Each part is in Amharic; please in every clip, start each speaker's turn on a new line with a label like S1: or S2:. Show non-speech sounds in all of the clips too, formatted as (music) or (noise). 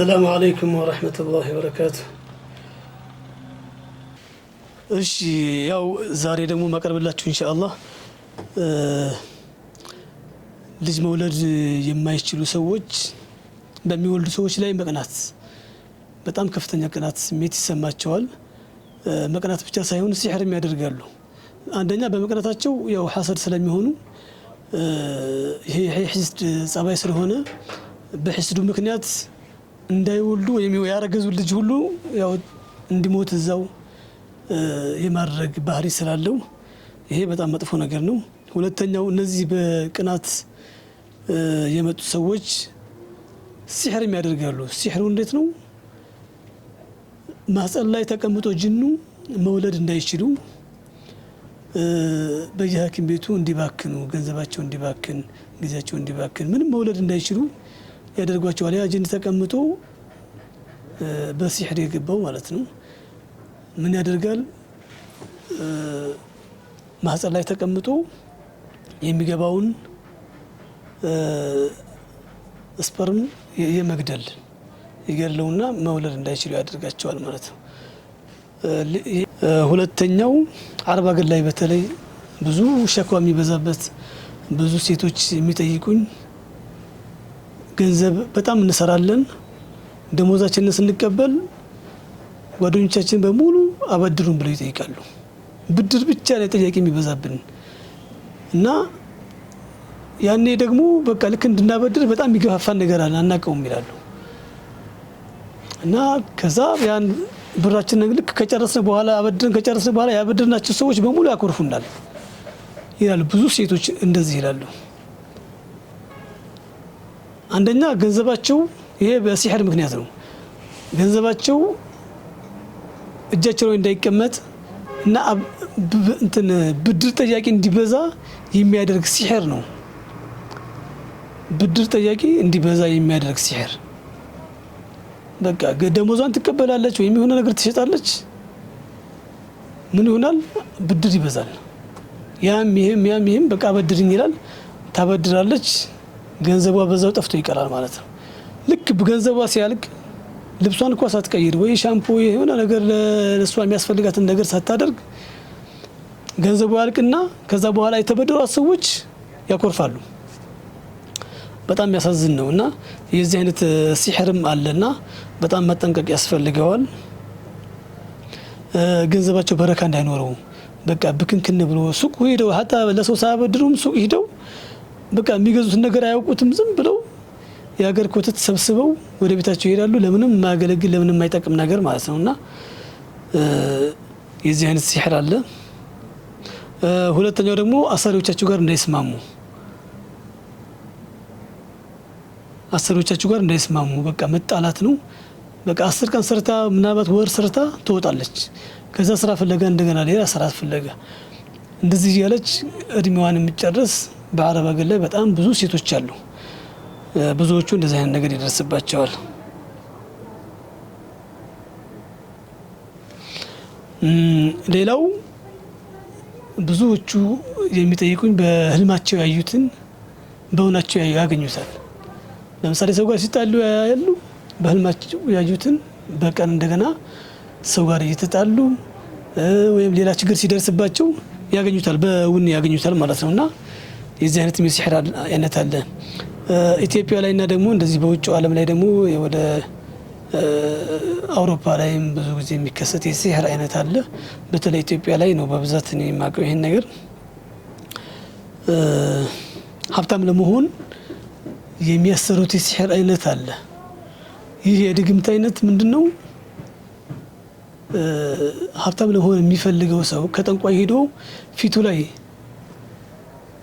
S1: አሰላሙ አለይኩም ወረህመቱላሂ ወበረካቱ። እሺ ያው ዛሬ ደግሞ ማቀርብላችሁ ኢንሻአላህ ልጅ መውለድ የማይችሉ ሰዎች በሚወልዱ ሰዎች ላይ መቅናት፣ በጣም ከፍተኛ ቅናት ስሜት ይሰማቸዋል። መቅናት ብቻ ሳይሆን ሲሕርም ያደርጋሉ። አንደኛ በመቅናታቸው ያው ሐሰድ ስለሚሆኑ ይሄ ሒስድ ጸባይ ስለሆነ በሒስዱ ምክንያት እንዳይወልዱ ወይም ያረገዙ ልጅ ሁሉ ያው እንዲሞት እዛው የማድረግ ባህሪ ስላለው ይሄ በጣም መጥፎ ነገር ነው። ሁለተኛው እነዚህ በቅናት የመጡ ሰዎች ሲሕርም ያደርጋሉ። ሲሕሩ እንዴት ነው? ማህፀን ላይ ተቀምጦ ጅኑ መውለድ እንዳይችሉ በየሐኪም ቤቱ እንዲባክኑ፣ ገንዘባቸው እንዲባክን፣ ጊዜያቸው እንዲባክን፣ ምንም መውለድ እንዳይችሉ ያደርጓቸዋል። ያ ጅን ተቀምጦ በሲሕር የገባው ማለት ነው። ምን ያደርጋል? ማህፀን ላይ ተቀምጦ የሚገባውን ስፐርም የመግደል ይገድለውና መውለድ እንዳይችሉ ያደርጋቸዋል ማለት ነው። ሁለተኛው አርባ ገድ ላይ በተለይ ብዙ ሸኳ የሚበዛበት ብዙ ሴቶች የሚጠይቁኝ ገንዘብ በጣም እንሰራለን። ደሞዛችንን ስንቀበል ጓደኞቻችን በሙሉ አበድሩን ብለው ይጠይቃሉ። ብድር ብቻ ላይ ጥያቄ የሚበዛብን እና ያኔ ደግሞ በቃ ልክ እንድናበድር በጣም የሚገፋፋን ነገር አለ፣ አናውቀውም ይላሉ እና ከዛ ያን ብራችንን ልክ ከጨረስን በኋላ አበድርን ከጨረስን በኋላ ያበድርናቸው ሰዎች በሙሉ ያኮርፉናል ይላሉ። ብዙ ሴቶች እንደዚህ ይላሉ። አንደኛ ገንዘባቸው ይሄ በሲሕር ምክንያት ነው። ገንዘባቸው እጃቸው ላይ እንዳይቀመጥ እና እንትን ብድር ጠያቂ እንዲበዛ የሚያደርግ ሲሕር ነው። ብድር ጠያቂ እንዲበዛ የሚያደርግ ሲሕር በቃ ደሞዟን ትቀበላለች ወይም የሆነ ነገር ትሸጣለች። ምን ይሆናል? ብድር ይበዛል። ያም ይሄም ያም ይሄም በቃ አበድርኝ ይላል። ታበድራለች ገንዘቧ በዛው ጠፍቶ ይቀራል ማለት ነው። ልክ ገንዘቧ ሲያልቅ ልብሷን እኳ ሳትቀይር ወይ ሻምፖ የሆነ ነገር ለእሷ የሚያስፈልጋትን ነገር ሳታደርግ ገንዘቡ ያልቅና ከዛ በኋላ የተበደሯት ሰዎች ያኮርፋሉ። በጣም የሚያሳዝን ነው እና የዚህ አይነት ሲሕርም አለና በጣም መጠንቀቅ ያስፈልገዋል። ገንዘባቸው በረካ እንዳይኖረው በቃ ብክንክን ብሎ ሱቅ ሄደው ሀታ ለሰው ሳያበድሩም ሱቅ ሂደው በቃ የሚገዙትን ነገር አያውቁትም። ዝም ብለው የሀገር ኮተት ሰብስበው ወደ ቤታቸው ይሄዳሉ። ለምንም የማያገለግል ለምንም የማይጠቅም ነገር ማለት ነው እና የዚህ አይነት ሲሕር አለ። ሁለተኛው ደግሞ አሰሪዎቻችሁ ጋር እንዳይስማሙ አሰሪዎቻቸው ጋር እንዳይስማሙ በቃ መጣላት ነው። በቃ አስር ቀን ሰርታ ምናልባት ወር ሰርታ ትወጣለች። ከዛ ስራ ፍለጋ እንደገና ሌላ ስራ ፍለጋ እንደዚህ እያለች እድሜዋን የምጨርስ በአረብ ሀገር ላይ በጣም ብዙ ሴቶች አሉ። ብዙዎቹ እንደዚህ አይነት ነገር ይደርስባቸዋል። ሌላው ብዙዎቹ የሚጠይቁኝ በህልማቸው ያዩትን በእውናቸው ያገኙታል። ለምሳሌ ሰው ጋር ሲጣሉ ያያሉ። በህልማቸው ያዩትን በቀን እንደገና ሰው ጋር እየተጣሉ ወይም ሌላ ችግር ሲደርስባቸው ያገኙታል፣ በእውን ያገኙታል ማለት ነው እና የዚህ አይነት የሲሕር አይነት አለ ኢትዮጵያ ላይ እና ደግሞ እንደዚህ በውጭው ዓለም ላይ ደግሞ ወደ አውሮፓ ላይም ብዙ ጊዜ የሚከሰት የስሄር አይነት አለ። በተለይ ኢትዮጵያ ላይ ነው በብዛት እኔ የማውቀው ይሄን ነገር። ሀብታም ለመሆን የሚያሰሩት የሲሕር አይነት አለ። ይህ የድግምት አይነት ምንድን ነው? ሀብታም ለመሆን የሚፈልገው ሰው ከጠንቋይ ሄዶ ፊቱ ላይ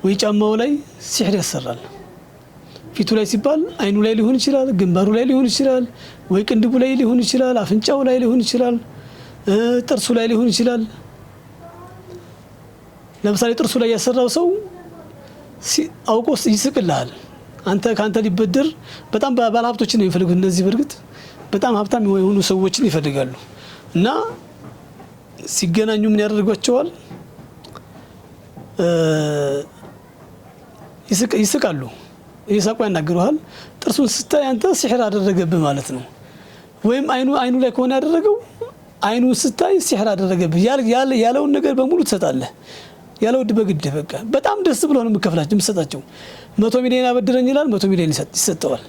S1: ወይ ጫማው ላይ ሲሕር ያሰራል። ፊቱ ላይ ሲባል አይኑ ላይ ሊሆን ይችላል፣ ግንባሩ ላይ ሊሆን ይችላል፣ ወይ ቅንድቡ ላይ ሊሆን ይችላል፣ አፍንጫው ላይ ሊሆን ይችላል፣ ጥርሱ ላይ ሊሆን ይችላል። ለምሳሌ ጥርሱ ላይ ያሰራው ሰው አውቆ ይስቅልሃል። አንተ ከአንተ ሊበደር በጣም ባለሀብቶችን ነው የሚፈልጉት። እነዚህ በእርግጥ በጣም ሀብታም የሆኑ ሰዎችን ይፈልጋሉ እና ሲገናኙ ምን ያደርጓቸዋል? ይስቃሉ። እየሳቁ ያናግረዋል ጥርሱን ስታይ አንተ ሲሕር አደረገብህ ማለት ነው። ወይም አይኑ አይኑ ላይ ከሆነ ያደረገው አይኑ ስታይ ሲሕር አደረገብህ ያለውን ነገር በሙሉ ትሰጣለህ። ያለ ውድ በግድ በቃ በጣም ደስ ብሎ ነው የምከፍላቸው የምሰጣቸው። መቶ ሚሊዮን አበድረኝ ይላል፣ መቶ ሚሊዮን ይሰጠዋል።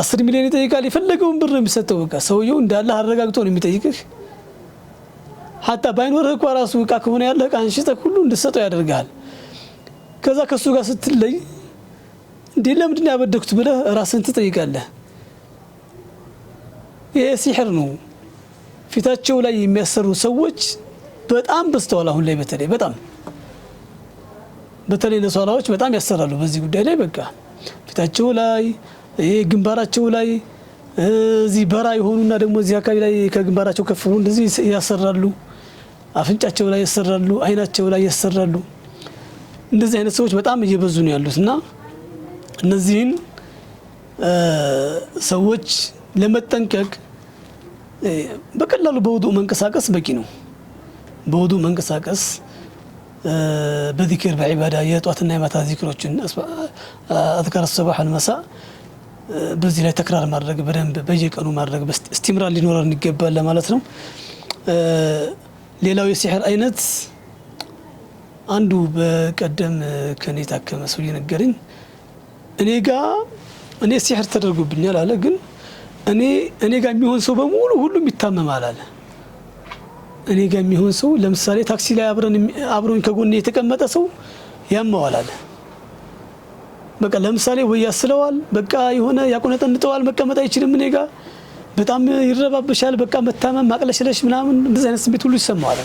S1: አስር ሚሊዮን ይጠይቃል። የፈለገውን ብር ነው የሚሰጠው። በቃ ሰውየው እንዳለ አረጋግቶ ነው የሚጠይቅህ። ሀታ ባይኖርህ እኳ ራሱ እቃ ከሆነ ያለ እቃ አንሽጠህ ሁሉ እንድሰጠው ያደርግሃል። ከዛ ከእሱ ጋር ስትለይ እንዲህ ለምንድን ያበደኩት ብለህ ራስን ትጠይቃለህ። ይሄ ሲሕር ነው። ፊታቸው ላይ የሚያሰሩ ሰዎች በጣም በስተዋል። አሁን ላይ በተለይ በጣም በተለይ ለሷላዎች በጣም ያሰራሉ። በዚህ ጉዳይ ላይ በቃ ፊታቸው ላይ ይሄ ግንባራቸው ላይ እዚህ በራ የሆኑና ደግሞ እዚህ አካባቢ ላይ ከግንባራቸው ከፍ እንደዚህ ያሰራሉ። አፍንጫቸው ላይ ያሰራሉ። አይናቸው ላይ ያሰራሉ። እንደዚህ አይነት ሰዎች በጣም እየበዙ ነው ያሉት እና እነዚህን ሰዎች ለመጠንቀቅ በቀላሉ በውዱእ መንቀሳቀስ በቂ ነው። በውዱእ መንቀሳቀስ በዚክር በዒባዳ የጧትና የማታ ዚክሮችን አዝካር ሰባሕ አልመሳ በዚህ ላይ ተክራር ማድረግ በደንብ በየቀኑ ማድረግ እስቲምራር ሊኖረን ይገባል ለማለት ነው። ሌላው የሲሕር አይነት አንዱ በቀደም ከኔ የታከመ ሰው የነገረኝ እኔ ጋ እኔ ሲሕር ተደርጎብኛል አለ። ግን እኔ እኔ ጋ የሚሆን ሰው በሙሉ ሁሉም ይታመማል አለ። እኔ ጋ የሚሆን ሰው ለምሳሌ ታክሲ ላይ አብሮኝ ከጎን የተቀመጠ ሰው ያመዋል አለ። በቃ ለምሳሌ ወይ ያስለዋል፣ በቃ የሆነ ያቆነጠንጠዋል፣ መቀመጥ አይችልም። እኔ ጋ በጣም ይረባበሻል። በቃ መታመም፣ ማቅለሽለሽ ምናምን እንደዚህ አይነት ስሜት ሁሉ ይሰማዋል።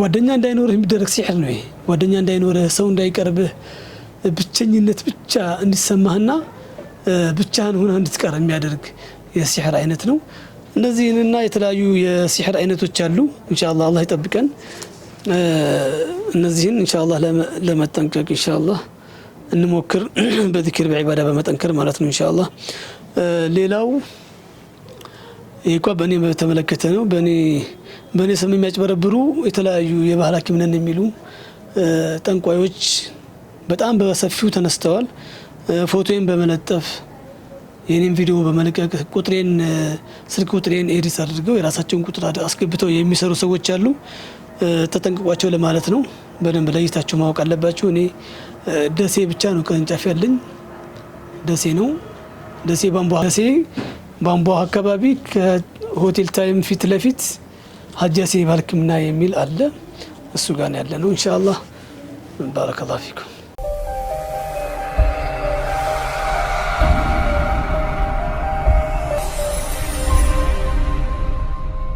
S1: ጓደኛ እንዳይኖርህ የሚደረግ ሲሕር ነው ጓደኛ እንዳይኖርህ ሰው እንዳይቀርብህ ብቸኝነት ብቻ እንዲሰማህና ብቻህን ሆነህ እንድትቀር የሚያደርግ የሲሕር አይነት ነው። እነዚህንና የተለያዩ የሲሕር አይነቶች አሉ። እንሻላ አላህ ይጠብቀን። እነዚህን እንሻላ ለመጠንቀቅ እንሻላ እንሞክር፣ (clears throat) በዚክር በዒባዳ በመጠንከር ማለት ነው። እንሻላ ሌላው ይህ እኳ በእኔ በተመለከተ ነው። በእኔ ስም የሚያጭበረብሩ የተለያዩ የባህል ሐኪም ነን የሚሉ ጠንቋዮች በጣም በሰፊው ተነስተዋል። ፎቶዬን በመለጠፍ የኔም ቪዲዮ በመለቀቅ ቁጥሬን ስልክ ቁጥሬን ኤዲት አድርገው የራሳቸውን ቁጥር አስገብተው የሚሰሩ ሰዎች አሉ። ተጠንቅቋቸው ለማለት ነው። በደንብ ለይታቸው ማወቅ አለባቸው። እኔ ደሴ ብቻ ነው ቅርንጫፍ ያለኝ ደሴ ነው። ደሴ ባንቧ ደሴ ቧንቧ አካባቢ ከሆቴል ታይም ፊት ለፊት ሀጃሴ ባልክምና ህክምና የሚል አለ። እሱ ጋር ያለ ነው። አላህ ባረከላሁ ፊኩም